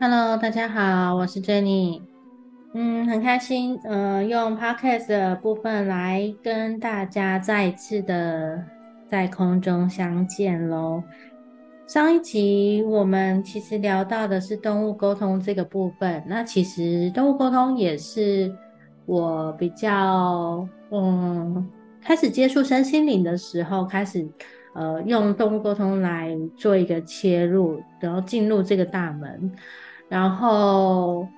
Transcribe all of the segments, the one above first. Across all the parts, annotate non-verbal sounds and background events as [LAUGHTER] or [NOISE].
Hello，大家好，我是 Jenny，嗯，很開心，呃，用 Podcast 的部分來跟大家再次的在空中相見咯。上一集我們其實聊到的是動物溝通這個部分，那其實動物溝通也是我比較，嗯，開始接觸身心靈的時候，開始，呃，用動物溝通來做一個切入，然後進入這個大門。然後，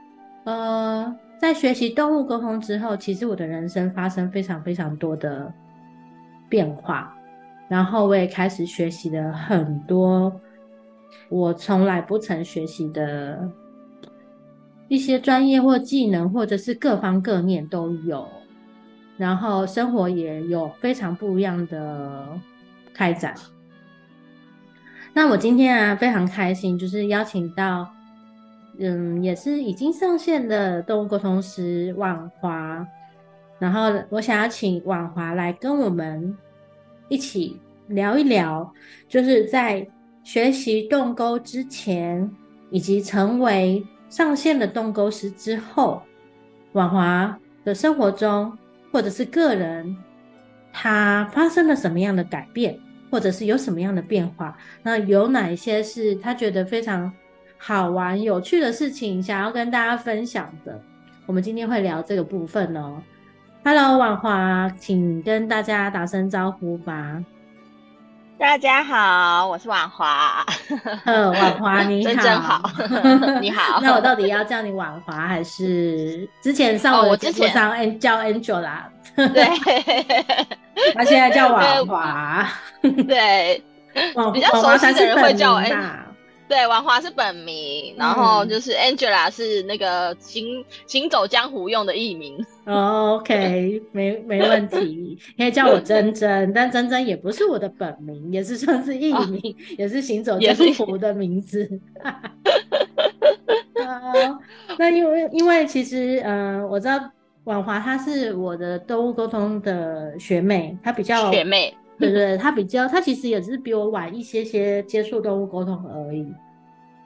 呃，在學習動物溝通之後，其實我的人生發生非常非常多的變化。然後，我也開始學習了很多我從來不曾學習的一些專業或技能，或者是各方各面都有。然後，生活也有非常不一樣的開展。那我今天啊，非常開心，就是邀請到。嗯，也是已經上線的動物溝通師宛樺，然後我想要請宛樺來跟我們一起聊一聊，就是在學習動溝之前，以及成為上線的動溝師之後，宛樺的生活中或者是個人，他發生了什麼樣的改變，或者是有什麼樣的變化？那有哪一些是他覺得非常好玩有趣的事情，想要跟大家分享的，我們今天會聊這個部分哦。Hello，宛樺，請跟大家打聲招呼吧。大家好，我是宛樺。嗯，宛樺你好，真好，你好。 [LAUGHS] 那我到底要叫你宛樺，還是之前上我的直播上、oh, 之前叫 Angela？對，她 [LAUGHS] 現在叫宛樺。對，比較熟悉的人會叫我 a 對，婉華是本名，然後就是 Angela 是那個行行走江湖用的藝名。嗯、o、oh, k、okay, 沒沒問題， [LAUGHS] 可以叫我珍珍， [LAUGHS] 但珍珍也不是我的本名，也是算是藝名，啊、也是行走江湖的名字。那因為因為其實，嗯、呃，我知道婉華她是我的動物溝通的學妹，她比較學妹。對對，對，他比較，他其實也是比我晚一些些接觸動物溝通而已。嗯、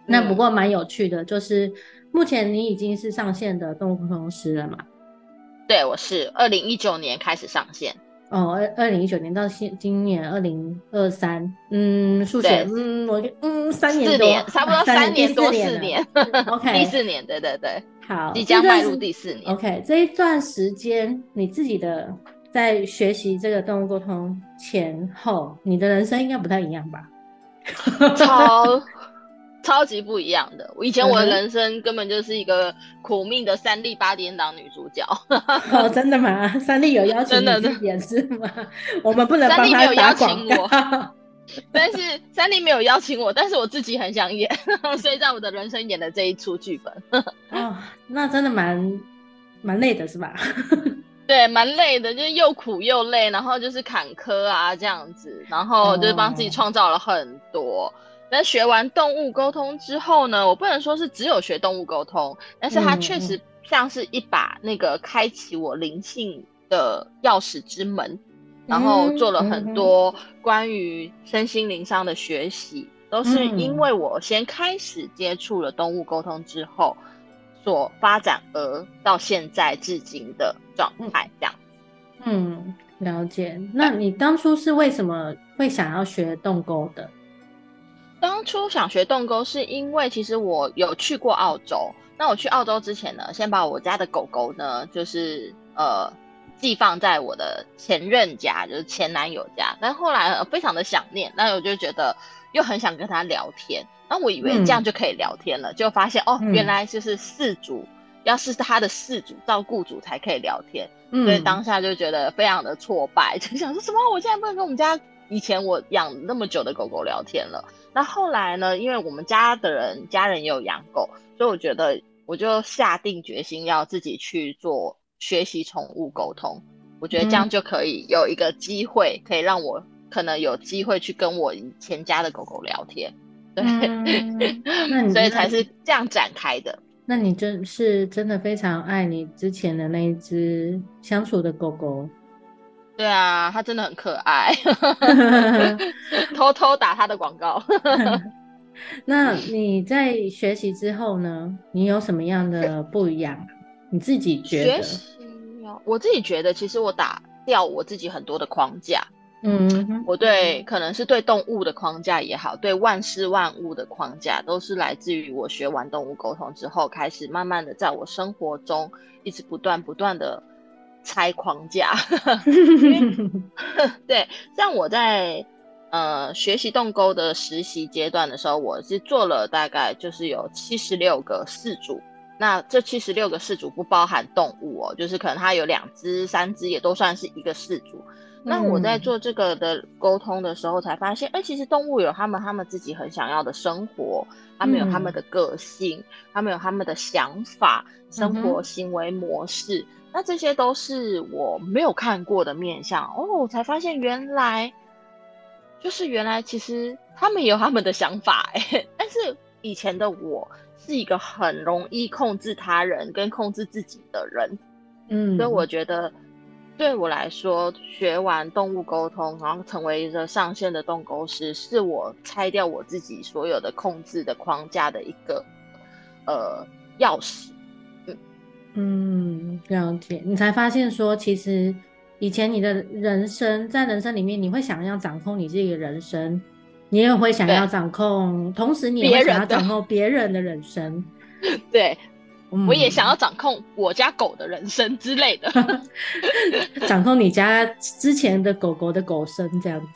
那不過蠻有趣的，就是目前你已經是上線的動物溝通師了嘛？對，我是二零一九年開始上線。哦，二二零一九年到現今年二零二三，嗯，數學，對嗯，我嗯三年多四年，差不多三年、啊、三年，三年多四年，OK， [LAUGHS] 第四年，對對對，好，即將邁入第四年。這段 OK，這一段時間你自己的。在學習這個動物溝通前後，你的人生應該不太一樣吧？ [LAUGHS] 超超級不一樣的，我以前我的人生根本就是一個苦命的三立八點檔女主角 [LAUGHS] 、哦。真的嗎？三立有邀請你去演是嗎？我們不能幫他三立沒有邀請我， [LAUGHS] 但是三立沒有邀請我，但是我自己很想演， [LAUGHS] 所以在我的人生演了這一出劇本、 [LAUGHS] 哦。那真的蠻蠻累的是吧？ [LAUGHS] 對，蠻累的，就是又苦又累，然後就是坎坷啊這樣子，然後就是幫自己創造了很多。那、哦、學完動物溝通之後呢，我不能說是只有學動物溝通，但是它確實像是一把那個開啟我靈性的鑰匙之門。嗯、然後做了很多關於身心靈上的學習，都是因為我先開始接觸了動物溝通之後。所發展而到現在至今的狀態，這樣，嗯，了解。那你當初是為什麼會想要學動溝的？嗯。當初想學動溝是因為其實我有去過澳洲。那我去澳洲之前呢，先把我家的狗狗呢，就是呃寄放在我的前任家，就是前男友家。但後來非常的想念，那我就覺得又很想跟他聊天。那我以為這樣就可以聊天了，嗯、就發現哦，原來就是飼主，嗯、要是他的飼主照顧主才可以聊天，嗯、所以當下就覺得非常的挫敗，就想說什麼我現在不能跟我們家以前我養那麼久的狗狗聊天了。那後來呢，因為我們家的人家人也有養狗，所以我覺得我就下定決心要自己去做學習寵物溝通，我覺得這樣就可以有一個機會，嗯、可以讓我可能有機會去跟我以前家的狗狗聊天。對，嗯、那你所以才是這樣展開的。那你真是真的非常愛你之前的那一隻相處的狗狗。對啊，它真的很可愛。 [LAUGHS] [LAUGHS] [LAUGHS] 偷偷打它的廣告。 [LAUGHS] [LAUGHS] 那你在學習之後呢？你有什麼樣的不一樣？ [LAUGHS] 你自己覺得？學習，我自己覺得，其實我打掉我自己很多的框架。嗯，mm hmm. 我對可能是對動物的框架也好，對萬事萬物的框架，都是來自於我學完動物溝通之後，開始慢慢的在我生活中一直不斷不斷的拆框架。 [LAUGHS] [LAUGHS] [LAUGHS] 對，像我在呃學習動溝的實習階段的時候，我是做了大概就是有七十六個飼主，那這七十六個飼主不包含動物哦，就是可能它有兩只、三只也都算是一個飼主。那我在做這個的溝通的時候，才發現，哎、嗯，其實動物有他們他們自己很想要的生活，嗯、他們有他們的個性，他們有他們的想法、生活行為模式，嗯、哼那這些都是我沒有看過的面向哦，我才發現原來就是原來其實他們有他們的想法、欸，哎，但是以前的我是一個很容易控制他人跟控制自己的人，嗯，所以我覺得。對我來說，學完動物溝通，然後成為一個上線的動溝師，是我拆掉我自己所有的控制的框架的一個呃鑰匙。嗯，嗯，了解。你才發現說，其實以前你的人生在人生裡面，你會想要掌控你自己的人生，你也會想要掌控，對同時你也會想要掌控別人的人生。 [LAUGHS] 對。我也想要掌控我家狗的人生之類的， [LAUGHS] [LAUGHS] 掌控你家之前的狗狗的狗生這樣子，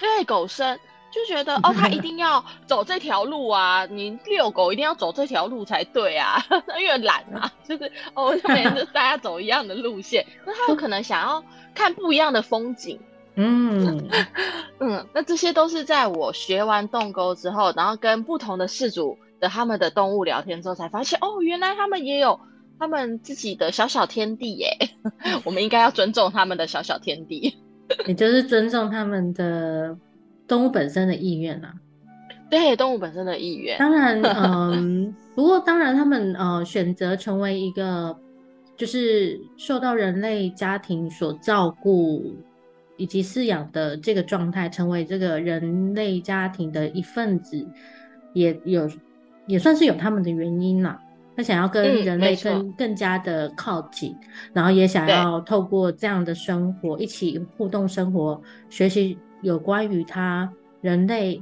對狗生就覺得 [LAUGHS] 哦，它一定要走這條路啊，你遛狗一定要走這條路才對啊，因 [LAUGHS] 為懶啊，就是哦，就跟大家走一樣的路線， [LAUGHS] 那它有可能想要看不一樣的風景， [LAUGHS] 嗯 [LAUGHS] 嗯，那這些都是在我學完動溝之後，然後跟不同的飼主，的他們的動物聊天之後才發現哦，原來他們也有他們自己的小小天地耶。我們應該要尊重他們的小小天地， [LAUGHS] 也就是尊重他們的動物本身的意願啦、啊。對，動物本身的意願。當然，嗯， [LAUGHS] 不過當然他們呃選擇成為一個就是受到人類家庭所照顧以及飼養的這個狀態，成為這個人類家庭的一份子，也有。也算是有他們的原因啦、啊。他想要跟人類更更加的靠近，嗯、然後也想要透過這樣的生活一起互動生活，對學習有關於他人類，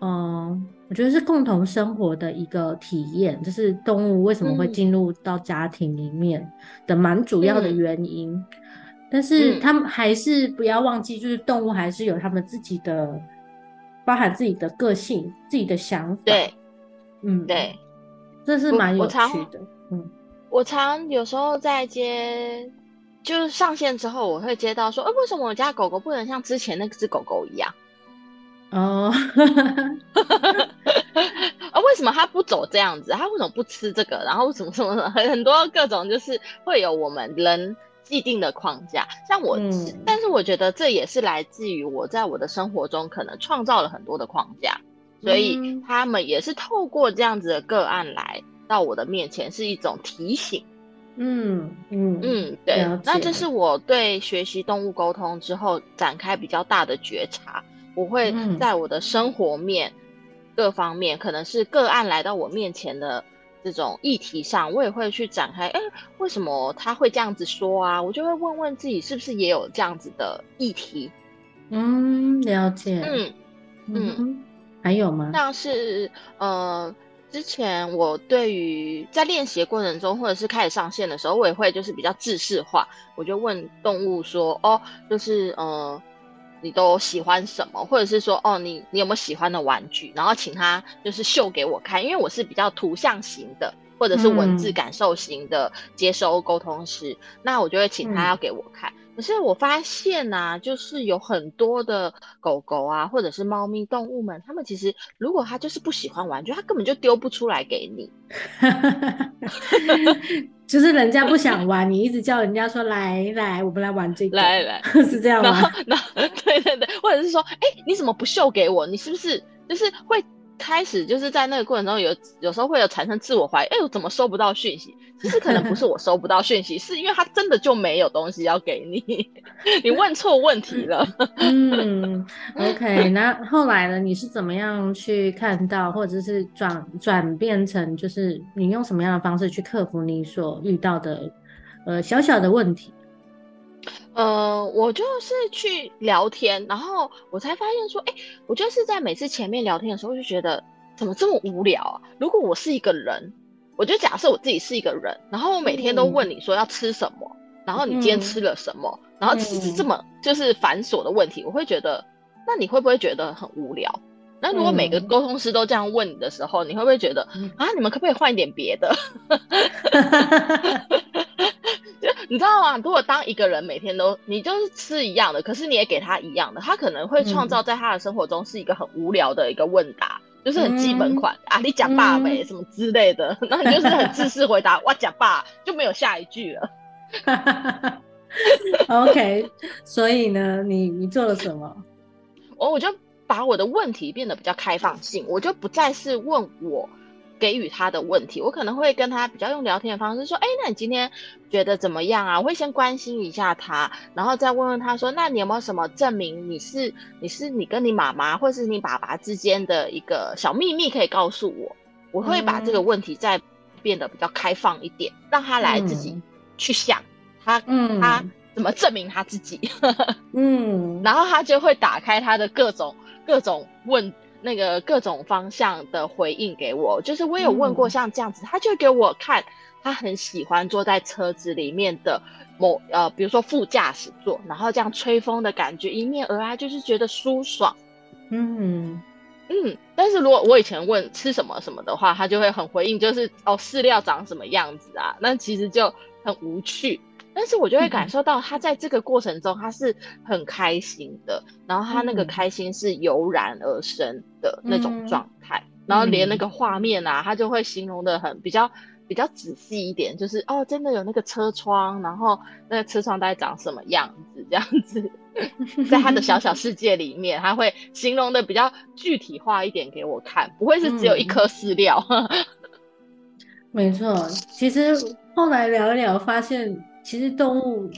嗯，我覺得是共同生活的一個體驗，就是動物為什麼會進入到家庭裡面的蠻主要的原因。嗯、但是他們還是不要忘記，就是動物還是有他們自己的，包含自己的個性、自己的想法。嗯，對，這是蠻有趣的。嗯，我常有時候在接，就是上線之後，我會接到說，哎、呃，為什麼我家狗狗不能像之前那隻狗狗一樣？哦 [LAUGHS] [LAUGHS] 呃，為什麼它不走這樣子？它為什麼不吃這個？然後什麼什麼什麼，很很多各種，就是會有我們人既定的框架。像我，嗯、但是我覺得這也是來自於我在我的生活中可能創造了很多的框架。所以他們也是透過這樣子的個案來到我的面前，是一種提醒。嗯嗯嗯，對。了解。那這是我對學習動物溝通之後展開比較大的覺察。我會在我的生活面、嗯、各方面，可能是個案來到我面前的這種議題上，我也會去展開。誒、欸，為什麼他會這樣子說啊？我就會問問自己，是不是也有這樣子的議題？嗯，了解。嗯嗯。嗯嗯還有嗎？像是，呃，之前我對於在練習的過程中，或者是開始上線的時候，我也會就是比較制式化，我就問動物說，哦，就是，呃，你都喜歡什麼？或者是說，哦，你你有沒有喜歡的玩具？然後請他就是秀給我看，因為我是比較圖像型的，或者是文字感受型的接收溝通師，嗯、那我就會請他要給我看。嗯可是我發現吶、啊，就是有很多的狗狗啊，或者是貓咪動物們，他們其實如果他就是不喜歡玩，就他根本就丟不出來給你。 [LAUGHS] 就是人家不想玩，你一直叫人家說 [LAUGHS] 來來，我們來玩這個，來來，來 [LAUGHS] 是這樣嗎？然後對對對，或者是說，哎、欸，你怎麼不秀給我？你是不是就是會？開始就是在那個過程中有有時候會有產生自我懷疑，哎、欸，我怎麼收不到訊息？其實可能不是我收不到訊息， [LAUGHS] 是因為他真的就沒有東西要給你。你問錯問題了。 [LAUGHS] [LAUGHS] 嗯，OK，那後來呢？你是怎麼樣去看到，或者是轉轉變成，就是你用什麼樣的方式去克服你所遇到的呃小小的問題？呃，我就是去聊天，然後我才發現說，哎，我就是在每次前面聊天的時候，就覺得怎麼這麼無聊啊？如果我是一個人，我就假設我自己是一個人，然後我每天都問你說要吃什麼，嗯、然後你今天吃了什麼，嗯、然後只是這麼就是繁瑣的問題，嗯、我會覺得，那你會不會覺得很無聊？那如果每個溝通師都這樣問你的時候，你會不會覺得啊，你們可不可以換一點別的？ [LAUGHS] [LAUGHS] 就你知道嗎？如果當一個人每天都你就是吃一樣的，可是你也給他一樣的，他可能會創造在他的生活中是一個很無聊的一個問答，嗯、就是很基本款、嗯、啊，你吃飽沒什麼之類的，那你就是很自私回答， [LAUGHS] 我吃飽就沒有下一句了。 [LAUGHS] OK， [LAUGHS] 所以呢，你你做了什麼？我我就把我的問題變得比較開放性，我就不再是問我。給予他的問題，我可能會跟他比較用聊天的方式說：“哎，那你今天覺得怎麼樣啊？”我會先關心一下他，然後再問問他說：“那你有沒有什麼證明你是你是你跟你媽媽或是你爸爸之間的一個小秘密可以告訴我？”我會把這個問題再變得比較開放一點，嗯、讓他來自己去想他他怎麼證明他自己。 [LAUGHS] 嗯，然後他就會打開他的各種各種問。那個各種方向的回應給我，就是我有問過像這樣子，嗯、他就給我看，他很喜歡坐在車子裡面的某呃，比如說副駕駛座，然後這樣吹風的感覺迎面而來，就是覺得舒爽。嗯嗯，但是如果我以前問吃什麼什麼的話，他就會很回應，就是哦，飼料長什麼樣子啊，那其實就很無趣。但是我就會感受到他在這個過程中，他是很開心的，嗯、然後他那個開心是油然而生的那種狀態，嗯嗯、然後連那個畫面啊，他就會形容得很比較比較仔細一點，就是哦，真的有那個車窗，然後那個車窗大概長什麼樣子這樣子，在他的小小世界裡面，嗯、他會形容得比較具體化一點給我看，不會是只有一顆飼料。嗯、 [LAUGHS] 沒錯，其實後來聊一聊，發現。其實動物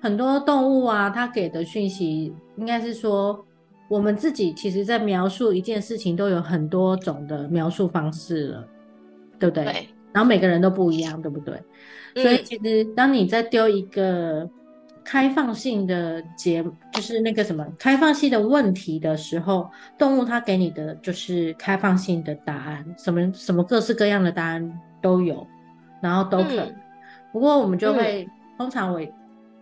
很多，動物啊，它給的訊息應該是說，我們自己其實，在描述一件事情都有很多種的描述方式了，對不對？對，然後每個人都不一樣，對不對？嗯、所以其實當你在丟一個開放性的節，就是那個什麼開放性的問題的時候，動物它給你的就是開放性的答案，什麼什麼各式各樣的答案都有，然後都可。嗯不過我們就會、嗯、通常我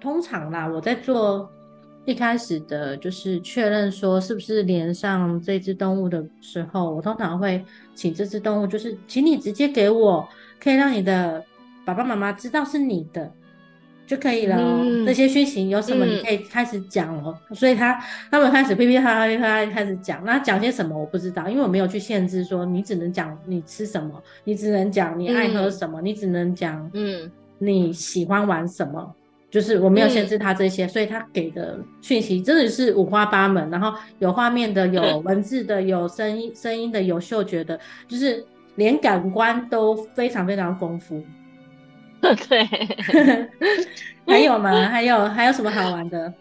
通常啦，我在做一開始的就是確認說是不是連上這隻動物的時候，我通常會請這隻動物，就是請你直接給我，可以讓你的爸爸媽媽知道是你的、嗯、就可以了。這些訊息有什麼你可以開始講哦。嗯、所以他他們開始噼噼啪啪啪開始講，那講些什麼我不知道，因為我沒有去限制說你只能講你吃什麼，你只能講你愛喝什麼，嗯、你只能講嗯。你喜歡玩什麼？就是我沒有限制他這些，嗯，所以他給的訊息真的是五花八門。然後有畫面的，有文字的，有聲音聲音的，有嗅覺的，就是連感官都非常非常豐富。對， [LAUGHS] 還有嗎？還有還有什麼好玩的？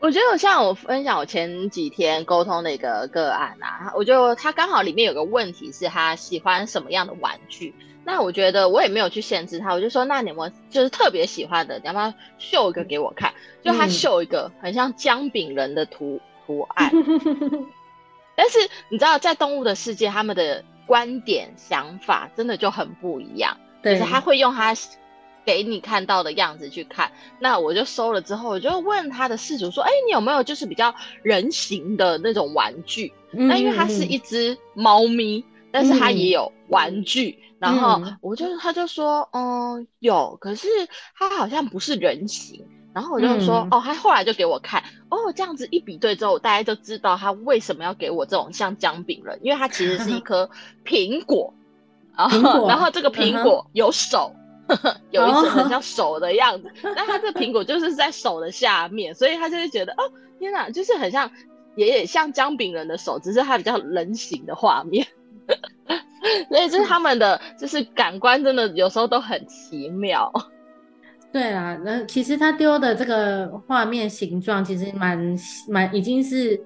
我覺得像我分享我前幾天溝通的一個個案啊，我覺得他剛好裡面有個問題是他喜歡什麼樣的玩具。那我覺得我也沒有去限制他，我就說，那你有沒有就是特別喜歡的，你要不要秀一個給我看？就他秀一個很像薑餅人的圖圖案。 [LAUGHS] 但是你知道，在動物的世界，他們的觀點想法真的就很不一樣，對就是他會用他給你看到的樣子去看。那我就收了之後，我就問他的飼主說：“哎，你有沒有就是比較人形的那種玩具？”嗯、那因為它是一只貓咪，嗯、但是它也有玩具。嗯然後我就是，嗯、他就說，嗯，有，可是他好像不是人形。然後我就說，嗯、哦，他後來就給我看，哦，這樣子一比對之後，大家就知道他為什麼要給我這種像薑餅人，因為他其實是一顆蘋果，嗯、然後果然後這個蘋果有手，嗯、 [LAUGHS] 有一只很像手的樣子。那、哦、他這個蘋果就是在手的下面，所以他就會覺得，哦，天哪，就是很像，也，也像薑餅人的手，只是他比較人形的畫面。 [LAUGHS] 所以 [LAUGHS] 就是他們的就是感官真的有時候都很奇妙，嗯、對啊，那其實他丟的這個畫面形狀其實蠻蠻已經是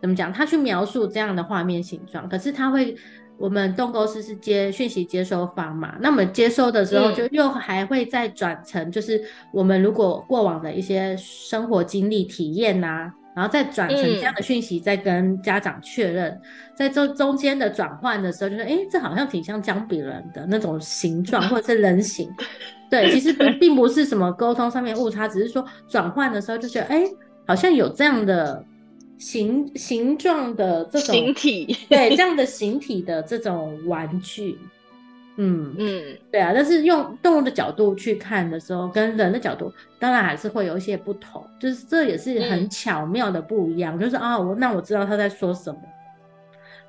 怎麼講，他去描述這樣的畫面形狀，可是他會，我們動溝師是接訊息接收方嘛，那麼接收的時候就又還會再轉成，就是我們如果過往的一些生活經歷體驗啊。然後再轉成這樣的訊息，再跟家長確認，嗯、在中間的轉換的時候就，就是哎，這好像挺像薑餅人的那種形狀， [LAUGHS] 或者是人形。對，其實並，並不是什麼溝通上面誤差，只是說轉換的時候就覺得：“哎，好像有這樣的形形狀的這種形體， [LAUGHS] 對，這樣的形體的這種玩具。”嗯嗯，嗯對啊，但是用動物的角度去看的時候，跟人的角度當然還是會有一些不同，就是這也是很巧妙的不一樣，嗯、就是啊，我那我知道他在說什麼。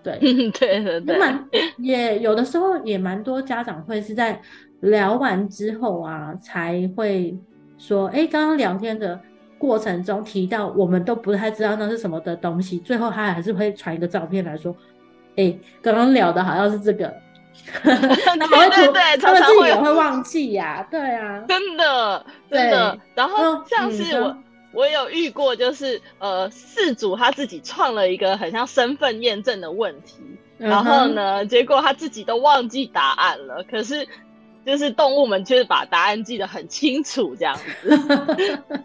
對，對對，蠻也有的時候也蠻多家長會是在聊完之後啊，才會說，哎，剛剛聊天的過程中提到我們都不太知道那是什麼的東西，最後他還是會傳一個照片來說，哎，剛剛聊的好像是這個。 [LAUGHS] 會 [LAUGHS] 對對對，常常會有他們自己也會忘記呀、啊，對啊，真的，真的。對然後像是我，嗯、哼我有遇過，就是呃，事主他自己創了一個很像身份驗證的問題，嗯、哼然後呢，結果他自己都忘記答案了，可是。就是動物們，就是把答案記得很清楚這樣子，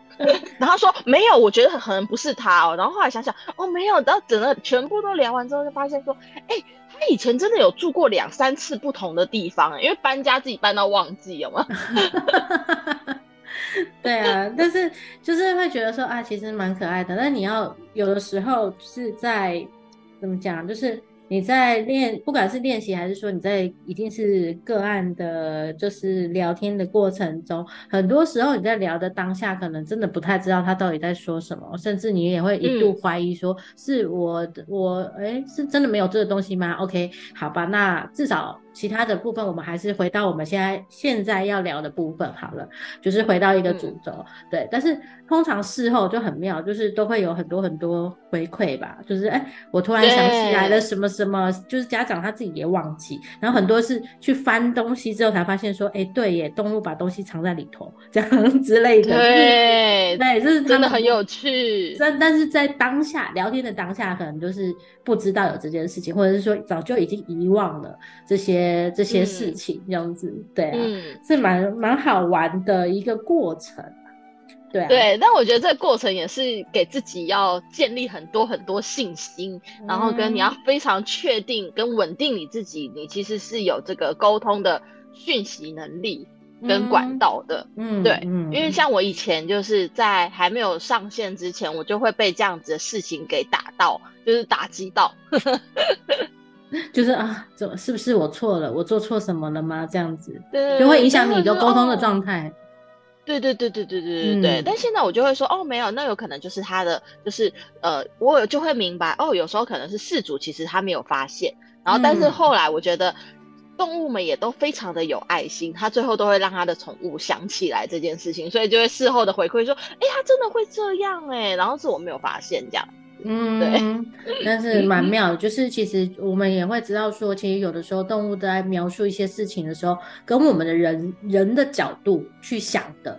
然後說沒有，我覺得可能不是他哦、喔。然後後來想想、喔，哦沒有，然後整個全部都聊完之後，就發現說，哎，他以前真的有住過兩三次不同的地方、欸，因為搬家自己搬到忘記，有嗎？對啊，但是就是會覺得說啊，其實蠻可愛的。但你要有的時候是在怎麼講，就是。你在練，不管是練習還是說你在一定是個案的，就是聊天的過程中，很多時候你在聊的當下，可能真的不太知道他到底在說什麼，甚至你也會一度懷疑說、嗯、是我，我，哎，是真的沒有這個東西嗎？OK，好吧，那至少。其他的部分，我們還是回到我們現在現在要聊的部分好了，就是回到一個主軸。嗯、對，但是通常事後就很妙，就是都會有很多很多回饋吧。就是哎、欸，我突然想起來了什麼什麼，對就是家長他自己也忘記，然後很多是去翻東西之後才發現說，哎、欸，對耶，動物把東西藏在裡頭這樣之類的。對，那也是、就是、就是、的真的很有趣。但但是在當下聊天的當下，可能就是不知道有這件事情，或者是說早就已經遺忘了這些。這些事情這樣子，對，嗯，啊、嗯，是蠻蠻好玩的一個過程，對、啊、對，但我覺得這個過程也是給自己要建立很多很多信心，嗯、然後跟你要非常確定跟穩定你自己，你其實是有這個溝通的訊息能力跟管道的，嗯，對，嗯嗯、因為像我以前就是在還沒有上線之前，我就會被這樣子的事情給打到，就是打擊到。 [LAUGHS] 就是啊，怎麼？是不是我錯了？我做錯什麼了嗎？這樣子，對，就會影響你的溝通的狀態。對對對對對對對對。嗯，但現在我就會說，哦，沒有，那有可能就是他的，就是呃，我就會明白，哦，有時候可能是事主其實他沒有發現，然後但是後來我覺得動物們也都非常的有愛心，他最後都會讓他的寵物想起來這件事情，所以就會事後的回饋說，哎，他真的會這樣哎、欸，然後是我沒有發現這樣。嗯，對，但是蠻妙的，嗯、就是其實我們也會知道說，其實有的時候動物在描述一些事情的時候，跟我們的人、嗯、人的角度去想的，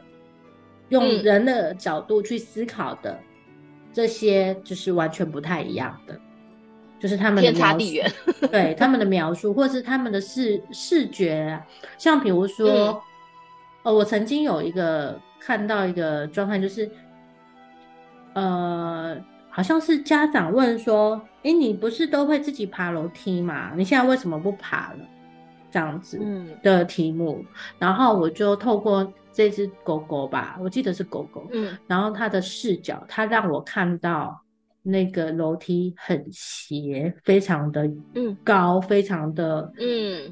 用人的角度去思考的，嗯、這些就是完全不太一樣的，就是他們的天差地遠。對 [LAUGHS] 他們的描述，或者是他們的視視覺，像比如說，呃、嗯哦，我曾經有一個看到一個狀態，就是，呃。好像是家長問說：“誒、欸、你不是都會自己爬樓梯嗎？你現在為什麼不爬了？”這樣子的題目，嗯、然後我就透過這隻狗狗吧，我記得是狗狗，嗯、然後它的視角，它讓我看到那個樓梯很斜，非常的高，嗯、非常的遙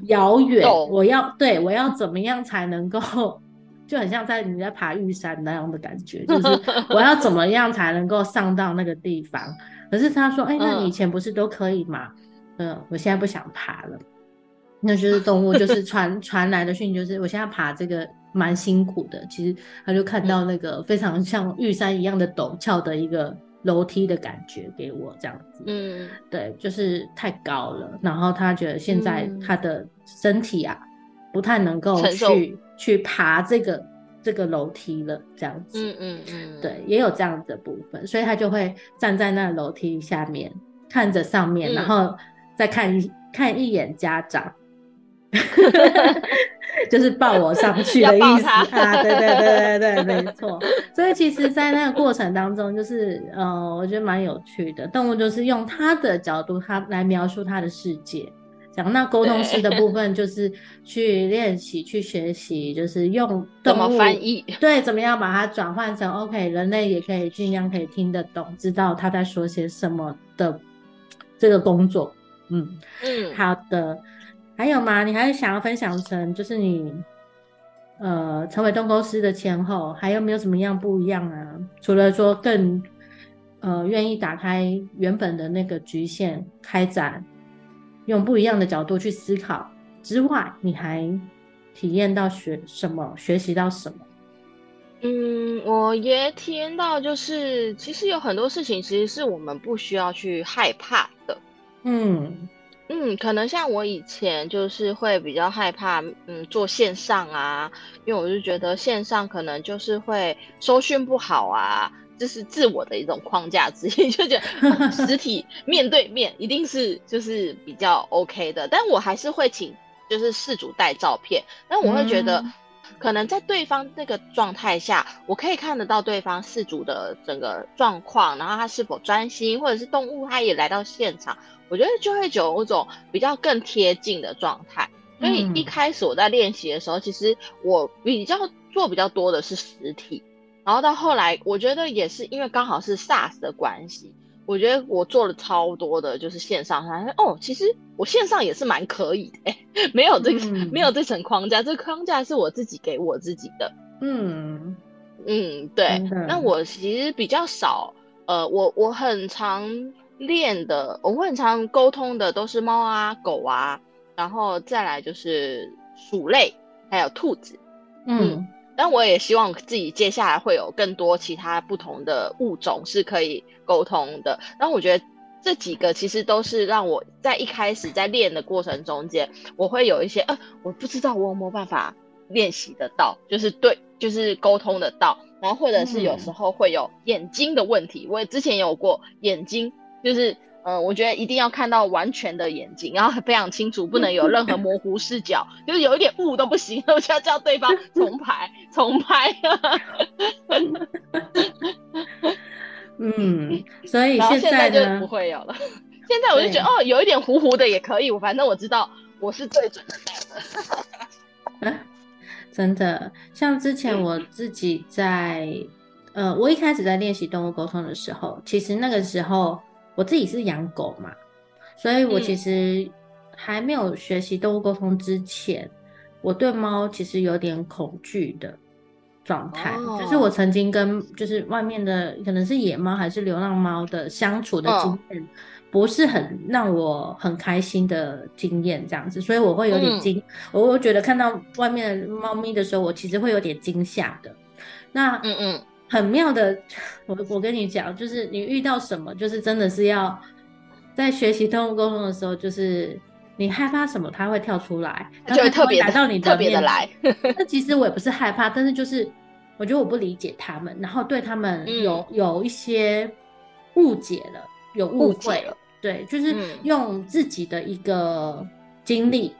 遠，嗯、遙遠，嗯哦、我要對，我要怎麼樣才能夠？就很像在你在爬玉山那樣的感覺，就是我要怎麼樣才能夠上到那個地方？ [LAUGHS] 可是他說：“哎、欸，那你以前不是都可以嗎？嗯，嗯，我現在不想爬了。”那就是動物就是傳傳 [LAUGHS] 來的訊息，就是我現在爬這個蠻辛苦的。其實他就看到那個非常像玉山一樣的陡峭的一個樓梯的感覺，給我這樣子。嗯，對，就是太高了。然後他覺得現在他的身體啊、嗯、不太能夠去。去爬這個這個樓梯了，這樣子，嗯嗯，嗯對，也有這樣的部分，所以他就會站在那樓梯下面看着上面，嗯，然後再看看一眼家長， [LAUGHS] 就是抱我上去的意思啊，對對對對對， [LAUGHS] 沒錯。所以其實，在那個過程當中，就是呃，我覺得蠻有趣的，動物就是用它的角度，它來描述它的世界。講那溝通師的部分就是去練習、對去學習，就是用動物怎麼翻譯對，怎麼樣把它轉換成 OK，人類也可以儘量可以聽得懂，知道他在說些什麼的這個工作，嗯嗯，好的，還有嗎？你還是想要分享成就是你呃成為溝通師的前後，還有沒有什麼樣不一樣啊？除了說更呃願意打開原本的那個局限，開展。用不一樣的角度去思考之外，你還體驗到學什麼？學習到什麼？嗯，我也體驗到，就是其實有很多事情，其實是我們不需要去害怕的。嗯嗯，可能像我以前就是會比較害怕，嗯，做線上啊，因為我就覺得線上可能就是會收訊不好啊。就是自我的一種框架之一，就覺得，哦，實體面對面一定是就是比較 OK 的，但我還是會請就是事主帶照片，但我會覺得可能在對方那個狀態下，我可以看得到對方事主的整個狀況，然後他是否專心，或者是動物他也來到現場，我覺得就會有一種比較更貼近的狀態。所以一開始我在練習的時候，其實我比較做比較多的是實體。然後到後來，我覺得也是因為剛好是 SARS 的關係，我覺得我做了超多的，就是線上，他說哦，其實我線上也是蠻可以的，哎、沒有這、嗯、沒有這層框架，這框架是我自己給我自己的。嗯嗯，對。的那我其實比較少，呃，我我很常練的，我會很常溝通的都是貓啊、狗啊，然後再來就是鼠類，還有兔子。嗯。嗯但我也希望自己接下來會有更多其他不同的物種是可以溝通的。然後我覺得這幾個其實都是讓我在一開始在練的過程中間，我會有一些呃、啊，我不知道我有沒有辦法練習得到，就是對，就是溝通得到。然後或者是有時候會有眼睛的問題，嗯、我之前也有過眼睛就是。嗯，我覺得一定要看到完全的眼睛，然後非常清楚，不能有任何模糊視角， [LAUGHS] 就是有一點霧都不行，我就要叫對方重拍 [LAUGHS] 重拍排 [LAUGHS] 嗯，所以現在，現在就不會有了。現在我就覺得對哦，有一點糊糊的也可以，反正我知道我是最準的，的、 [LAUGHS] 嗯。真的，像之前我自己在 [LAUGHS] 呃，我一開始在練習動物溝通的時候，其實那個時候。我自己是養狗嘛，所以我其實還沒有學習動物溝通之前，嗯、我對貓其實有點恐懼的狀態，就、哦、是我曾經跟就是外面的可能是野貓還是流浪貓的相處的經驗，哦、不是很讓我很開心的經驗這樣子，所以我會有點驚，嗯、我覺得看到外面的貓咪的時候，我其實會有點驚嚇的。那嗯嗯。很妙的，我我跟你講，就是你遇到什麼，就是真的是要，在學習動物溝通的時候，就是你害怕什麼，它會跳出來，就會特別他會來到你這邊來。 [LAUGHS] 那其實我也不是害怕，但是就是我覺得我不理解他們，然後對他們有、嗯、有一些誤解了，有誤會了。了對，就是用自己的一個經歷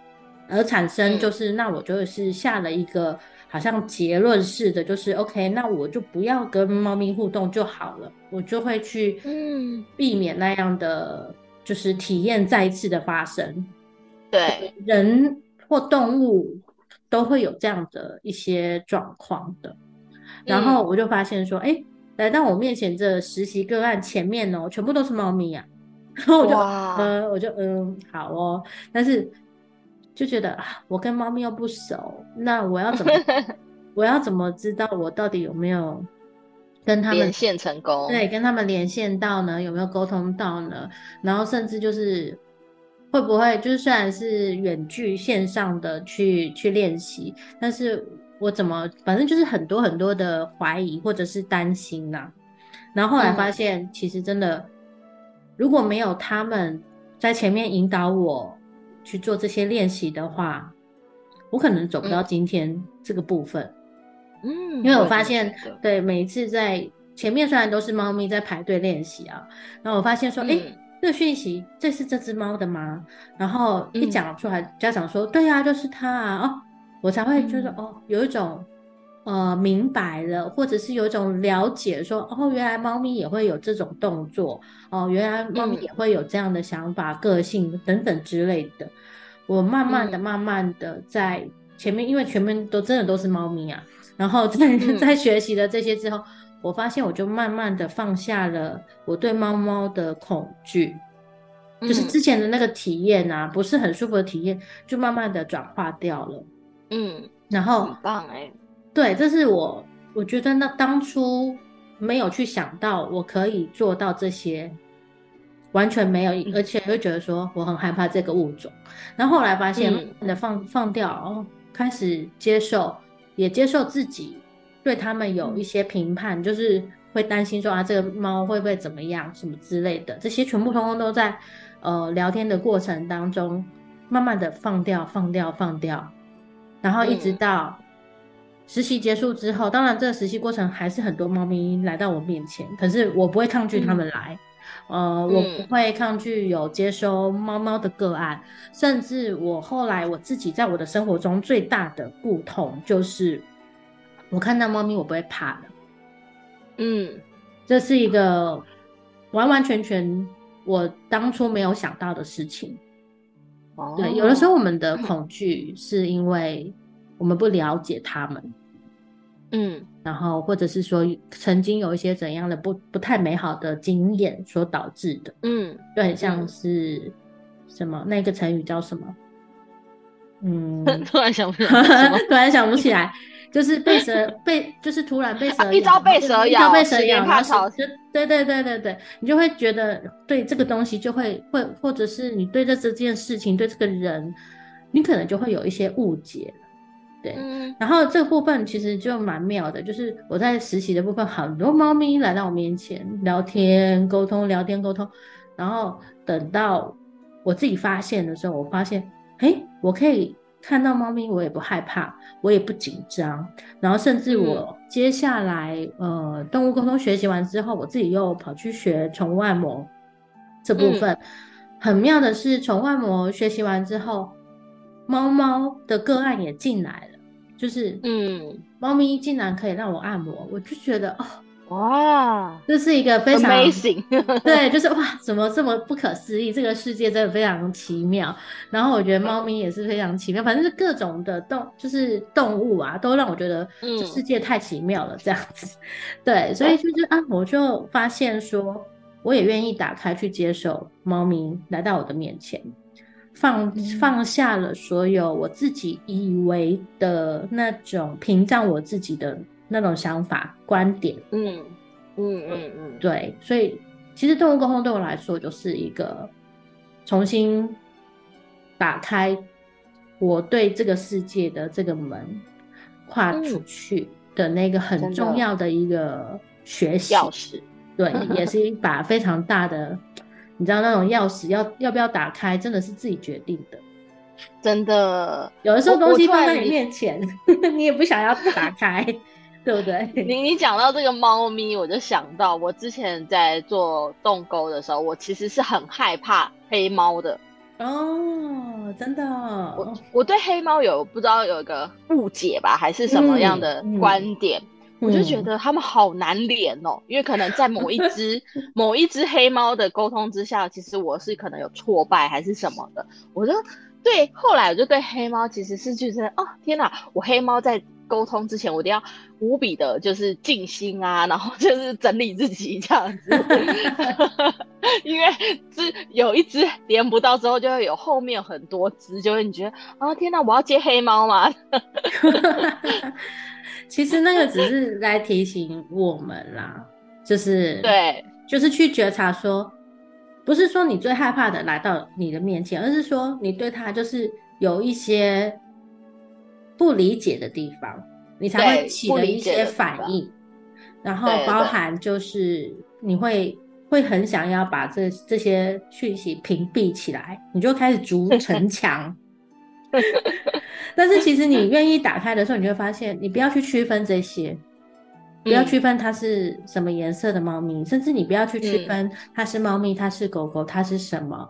而產生，就是、嗯、那我覺得是下了一個。好像結論似的，就是 OK，那我就不要跟貓咪互動就好了，我就會去嗯避免那樣的、嗯、就是體驗再次的發生。對，人或動物都會有這樣的一些狀況的。嗯、然後我就發現說，哎、欸，來到我面前這實習個案前面哦，全部都是貓咪啊。然 [LAUGHS] 後我就，嗯哇、呃，我就，嗯，好哦。但是。就覺得，啊，我跟貓咪又不熟，那我要怎麼， [LAUGHS] 我要怎麼知道我到底有沒有跟他們連線成功？對，跟他們連線到呢，有沒有溝通到呢？然後甚至就是會不會就是雖然是遠距線上的去去練習，但是我怎麼反正就是很多很多的懷疑或者是擔心吶，啊。然後後來發現，嗯，其實真的如果沒有他們在前面引導我。去做這些練習的話，我可能走不到今天這個部分。嗯，嗯，因為我發現，對，每一次在前面雖然都是貓咪在排隊練習啊，然後我發現說，哎、嗯、欸，這個訊息，這是這隻貓的嗎？然後一講出來，家長說，嗯、對啊，就是它啊，哦，我才會覺得、嗯、哦，有一種。呃，明白了，或者是有一種了解說，說哦，原來貓咪也會有這種動作，哦，原來貓咪也會有這樣的想法、嗯、個性等等之類的。我慢慢的、慢慢的在前面，嗯、因為前面都真的都是貓咪啊，然後在、嗯、在學習了這些之後，我發現我就慢慢的放下了我對貓貓的恐懼，嗯、就是之前的那個體驗啊，不是很舒服的體驗，就慢慢的轉化掉了。嗯，然後很棒哎、欸。對，這是我，我覺得那當初沒有去想到我可以做到這些，完全沒有，而且我就覺得說我很害怕這個物種，然後後來發現慢慢的放，嗯、放掉，然後開始接受，也接受自己對他們有一些評判，就是會擔心說啊這個貓會不會怎麼樣什麼之類的，這些全部通通都在呃聊天的過程當中，慢慢的放掉放掉放掉，然後一直到。嗯實習結束之後，當然這個實習過程還是很多貓咪來到我面前，可是我不會抗拒他們來，嗯、呃，我不會抗拒有接收貓貓的個案，嗯、甚至我後來我自己在我的生活中最大的不同就是，我看到貓咪我不會怕了，嗯，這是一個完完全全我當初沒有想到的事情，哦、對，有的時候我們的恐懼是因為。我們不了解他們，嗯，然後或者是說曾經有一些怎樣的不不太美好的經驗所導致的，嗯，就很像是、嗯、什麼那個成語叫什麼？嗯，突然想不起來， [LAUGHS] 突然想不起來， [LAUGHS] 就是被蛇 [LAUGHS] 被就是突然被蛇、啊、一朝被蛇咬，一朝被蛇咬，怕草。對對對對對，你就會覺得對這個東西就會會，或者是你對這這件事情對這個人，你可能就會有一些誤解。對，嗯、然後這部分其實就蠻妙的，就是我在實習的部分，很多貓咪來到我面前聊天溝通，聊天溝通，然後等到我自己發現的時候，我發現，哎，我可以看到貓咪，我也不害怕，我也不緊張，然後甚至我接下來、嗯、呃動物溝通學習完之後，我自己又跑去學寵物按摩這部分，嗯、很妙的是寵物按摩學習完之後，貓貓的個案也進來了。就是，嗯，貓咪竟然可以讓我按摩，嗯、我就覺得，哦，哇，這是一個非常，哇對，就是哇，怎麼這麼不可思議？這個世界真的非常奇妙。然後我覺得貓咪也是非常奇妙，反正是各種的動，就是動物啊，都讓我覺得這世界太奇妙了，這樣子。嗯、對，所以就是按摩、啊、就發現說，我也願意打開去接受貓咪來到我的面前。放放下了所有我自己以為的那種屏障，我自己的那種想法觀點，嗯嗯嗯嗯，嗯嗯對，所以其實動物溝通對我來說就是一個重新打開我對這個世界的這個門，跨出去的那個很重要的一個學習，嗯、對， [LAUGHS] 也是一把非常大的。你知道那種鑰匙要要不要打開，真的是自己決定的，真的。有的時候東西放在你面前， [LAUGHS] 你也不想要打開， [LAUGHS] 對不對？你你講到這個貓咪，我就想到我之前在做動溝的時候，我其實是很害怕黑貓的。哦，真的，我我對黑貓有不知道有一個誤解吧，還是什麼樣的觀點？嗯嗯我就覺得他們好難連哦、喔，嗯、因為可能在某一隻 [LAUGHS] 某一隻黑貓的溝通之下，其實我是可能有挫敗還是什麼的。我就對，後來我就對黑貓其實是就是哦天哪，我黑貓在溝通之前我都要無比的就是靜心啊，然後就是整理自己這樣子， [LAUGHS] [LAUGHS] 因為只有一隻連不到之後，就會有後面很多只，就會你覺得啊、哦、天哪，我要接黑貓嘛。 [LAUGHS] 」 [LAUGHS] 其實那個只是來提醒我們啦， [LAUGHS] 就是對，就是去覺察說，不是說你最害怕的來到你的面前，而是說你對他就是有一些不理解的地方，你才會起了一些反應，然後包含就是你會會很想要把這這些訊息屏蔽起來，你就開始築城牆。 [LAUGHS] [LAUGHS] 但是其實你願意打開的時候，你就會發現，你不要去區分這些，嗯、不要區分它是什麼顏色的貓咪，嗯、甚至你不要去區分它是貓咪，嗯、它是狗狗，它是什麼。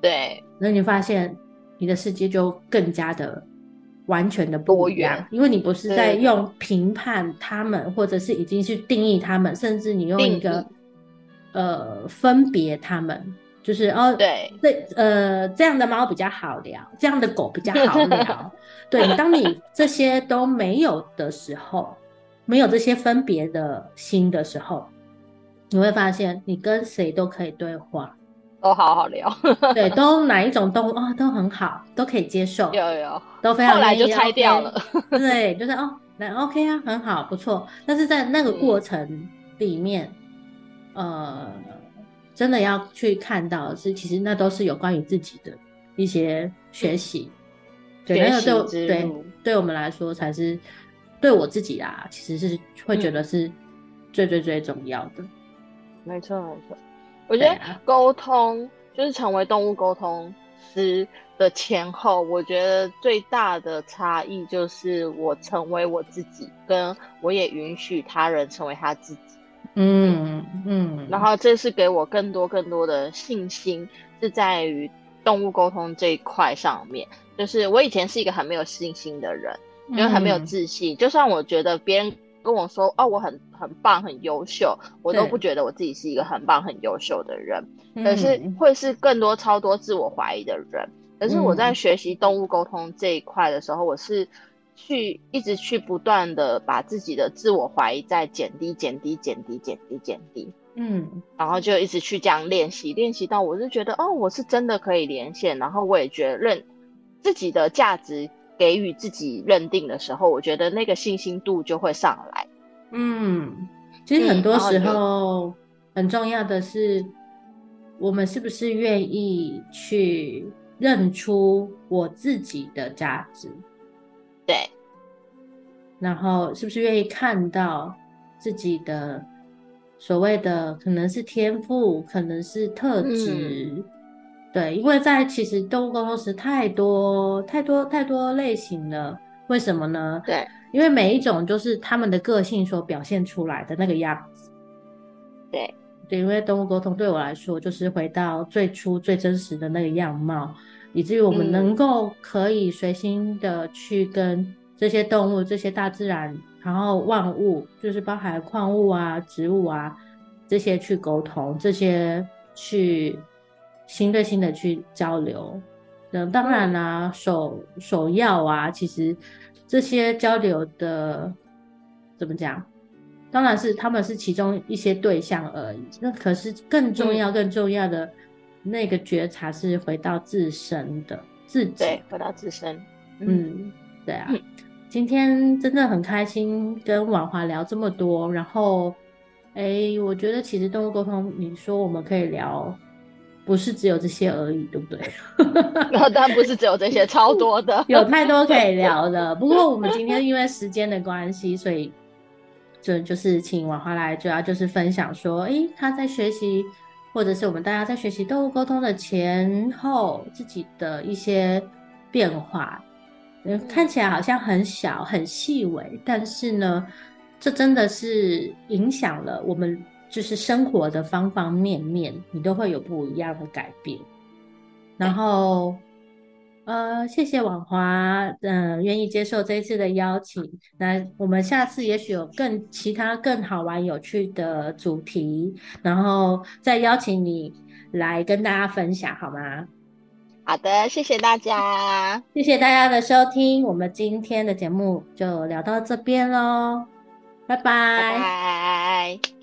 對，那你發現你的世界就更加的完全的不一樣，多元，因為你不是在用評判他們，或者是已經去定義他們，定義，甚至你用一個呃分別他們。就是哦，對，這呃，這樣的貓比較好聊，這樣的狗比較好聊。 [LAUGHS] 對，當你這些都沒有的時候， [LAUGHS] 沒有這些分別的心的時候，你會發現你跟誰都可以對話，都好好聊。 [LAUGHS] 對，都哪一種動物啊，都很好，都可以接受。有有。都非常好。後來就拆掉了、 [LAUGHS] okay。對，就是哦，那 OK 啊，很好，不錯。但是在那個過程裡面，嗯、呃。真的要去看到的是，是其實那都是有關於自己的一些學習，嗯、對，沒有，對，對，對我們來說才是對我自己啊，其實是會覺得是最最最重要的。沒錯、嗯，沒錯。我覺得溝通、啊、就是成為動物溝通師的前後，我覺得最大的差異就是我成為我自己，跟我也允許他人成為他自己。嗯嗯，嗯，然後這是給我更多更多的信心，是在於動物溝通這一塊上面。就是我以前是一個很沒有信心的人，因為，就是，很沒有自信。嗯、就算我覺得別人跟我說哦，啊，我很很棒，很優秀，我都不覺得我自己是一個很棒，很優秀的人。對可是會是更多超多自我懷疑的人。可是我在學習動物溝通這一塊的時候，我是。去一直去不斷的把自己的自我懷疑再減低減低減低減低減低，嗯，然後就一直去這樣練習練習到我是覺得哦，我是真的可以連線，然後我也覺得認自己的價值給予自己認定的時候，我覺得那個信心度就會上來。嗯，其實很多時候很重要的是，我們是不是願意去認出我自己的價值？對，然後是不是願意看到自己的所謂的可能是天賦，可能是特質？嗯、對，因為在其實動物溝通是太多太多太多類型了。為什麼呢？對，因為每一種就是他們的個性所表現出來的那個樣子。對，對，因為動物溝通對我來說，就是回到最初最真實的那個樣貌。以至於我們能夠可以隨心的去跟這些動物、嗯、這些大自然，然後萬物，就是包含礦物啊、植物啊這些去溝通，這些去心對心的去交流。然後當然啦、啊，嗯、首首要啊，其實這些交流的怎麼講？當然是他們是其中一些對象而已。那可是更重要、更重要的、嗯。那個覺察是回到自身的自己，對，回到自身，嗯，對啊。今天真的很開心跟宛樺聊這麼多，然後，哎、欸，我覺得其實動物溝通，你說我們可以聊，不是只有這些而已，對不對？當 [LAUGHS] 然不是只有這些，超多的， [LAUGHS] 有太多可以聊的。不過我們今天因為時間的關係，所以就就是請宛樺來，主要就是分享說，哎、欸，他在學習。或者是我們大家在學習動物溝通的前後，自己的一些變化，看起來好像很小、很細微，但是呢，這真的是影響了我們就是生活的方方面面，你都會有不一樣的改變，嗯、然後。呃，謝謝宛樺，嗯、呃，願意接受這次的邀請。那我們下次也許有更其他更好玩、有趣的主題，然後再邀請你來跟大家分享，好嗎？好的，謝謝大家，謝謝大家的收聽，我們今天的節目就聊到這邊嘍，拜拜。拜拜。